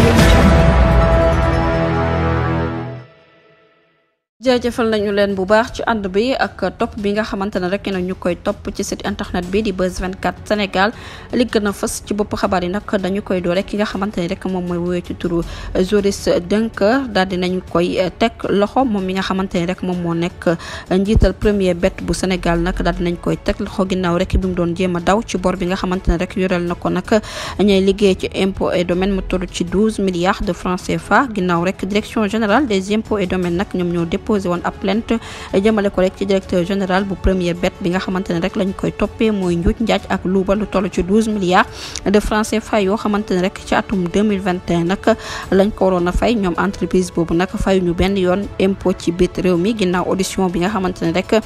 you. jërëjëfal nañu leen bu baax ci ànd bi ak topp bi nga xamante ne rek ñu koy topp ci site internet bi di Buzz 24 Sénégal li gën a fës ci bopp xabaar yi nag dañu koy doo ki nga xamante ne rek moom mooy woyee ci turu Joris Denker daal di koy teg loxo moom mi nga xamante ne rek moom moo nekk njiital premier bet bu Sénégal nag daal di nañu koy teg loxo ginnaaw rek bi mu doon jéem daw ci bor bi nga xamante ne rek yoreel na ko nag ñooy liggéey ci impôt et domaine mu toll ci 12 milliards de francs CFA ginnaaw rek direction générale des ñoom ñoo dépp déposé woon ab plainte jëmale ko rek ci directeur général bu premier bet bi nga xamante ne rek lañ koy toppee mooy njuuj njaaj ak luuba lu toll ci 12 milliards de francs CFA yoo xamante ne rek ci atum 2021 nag lañ ko waroon a fay ñoom entreprise boobu nag fayuñu benn yoon impôt réew mi ginnaaw audition bi nga xamante ne rek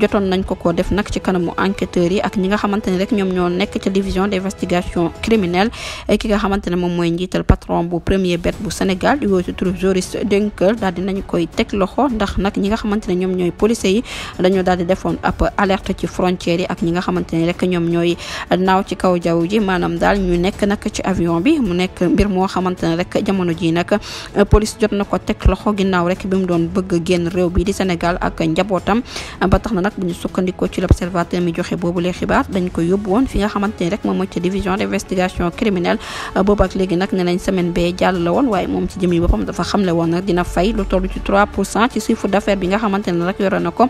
jotoon nañ ko ko def nag ci kanamu enquêteurs yi ak ñi nga xamante ne rek ñoom ñoo nekk ci division d'investigation criminelle ki nga xamante ne moom mooy njiital patron bu premier bet bu Sénégal di wootu turu Joris Dunker daal dinañ koy teg loxo ndax ndax nag ñi nga xamante ne ñoom ñooy policiers yi dañoo daal di defoon ab alerte ci frontières yi ak ñi nga xamante ne rek ñoom ñooy naaw ci kaw jaww ji maanaam daal ñu nekk nag ci avion bi mu nekk mbir moo xamante ne rek jamono ji nag police jot na ko teg loxo ginnaaw rek bi mu doon bëgg génn réew bi di Sénégal ak njabootam ba na nag ci joxe boobu lee xibaar dañ ko yóbbu woon fi nga xamante ni moom mooy ci division d'investigation criminelle boobu ak léegi nag ne semaine bee jàll la woon waaye moom ci jëmi boppam dafa xamle woon nag dina fay lu toll ci 3 pour cent ci fu d'affaires bi nga xamantene nak rek ko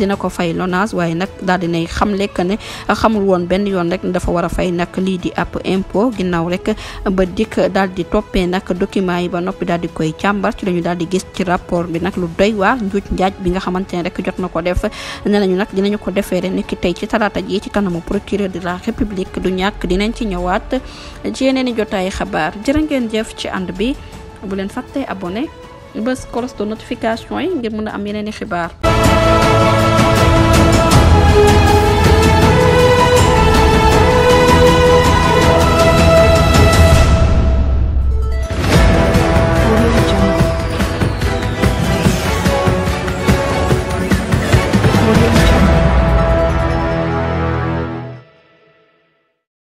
dina ko fay lonage waye nak dal dina xam lek ne xamul won ben yon rek dafa wara fay nak li di app impôt ginnaw rek ba dik dal di topé nak document yi ba nopi dal di koy chambar ci lañu dal di gis ci rapport bi nak lu doy waa njuuj njaaj bi nga xamantene rek jot nako ko def ne nañu nag dinañu ko defere niki tay ci tarata ji ci kanamu procureur de la république du ñak dinañ ci ñëwaat ci yeneeni jotay xabar xabaar jëf ci and bi bu len fatte abonné bés cloche de notification yi ngir mën a am yeneen i xibaar